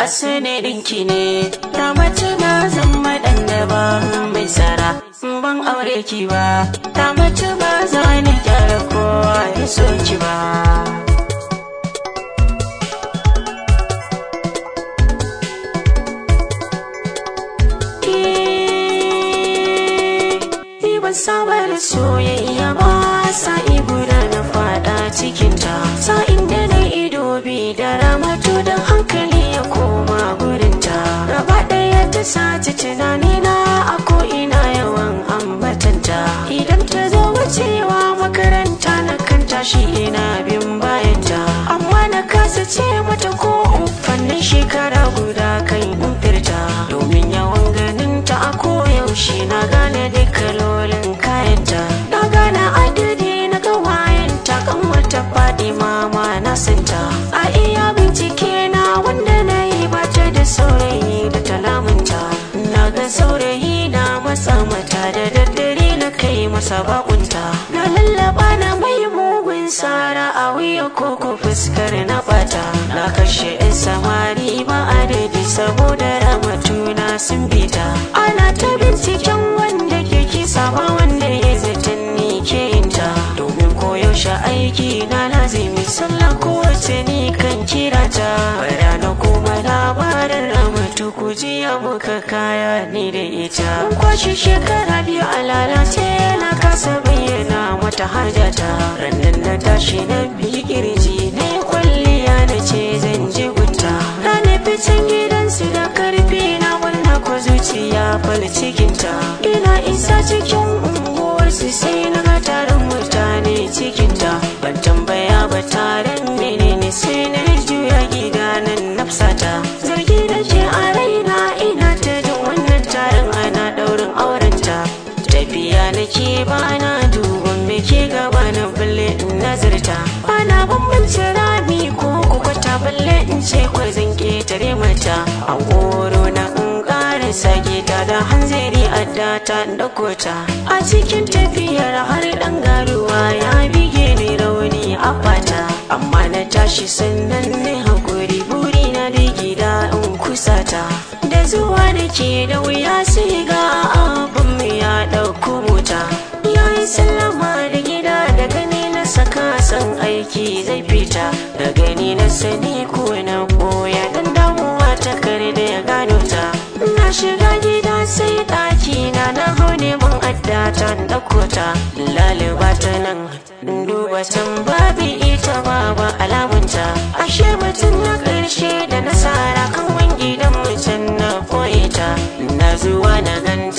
a asirinki ne ta mace na zan maɗan ba mai tsara ban aure ki ba ta mace ba za ni gyara kowa ya so ki ba Sabar soyayya ba sa ibura na fada cikinta sa inda na ido bi da ramatu don hankali ta sace tunanina a ko'ina yawan ambatanta idan ta zo wucewa makaranta na kan tashi ina bin bayanta amma na kasa ce mata ko fannin shekara guda kan in domin yawan ganin ta a koyaushe na gane dukkan masa na lallaba na mai mugun sara a wuya koko fuskar na bata na kashe 'yan samari ba adadi saboda ramatu na sun bita ana ta binciken wanda ke kisa ba wanda ya zaton ni ke yinta domin koyaushe aiki na lazimi sallah kowace ni kan kira ta na kuma labarin ramatu ku jiya muka kaya ni da ita kwashe shekara biyu ala harjata rannan na tashi na bi kirji ne kwalliya na ce zan je gunta rana fitan gidansu da karfi na wanda ko zuciya fal cikinta ina isa cikin unguwarsu sai na ga tarin mutane cikinta ban tambaya ba tarin menene sai na juya gida nan nafsata zargi da ke a raina ina ta jin wannan taron ana daurin aurenta tafiya nake ba ce kwai zan ketare mata a goro na in ƙara sage ta da hanzari a adda ta kota a cikin tafiyar har dan garuwa ya bige ni rauni a fata amma na tashi sannan ne hakuri buri na da gida in kusata da zuwa da ke da wuya san aiki zai fita da gani na sani ko na koya dan damuwa ta kare da ya gano ta na shiga gida sai ɗakina na na hau neman adda ta ɗauko ta laliba ta nan duba can babu ita babu alamunta ashe mutum na ƙarshe da nasara kan gidan mutum na koyeta na zuwa na gani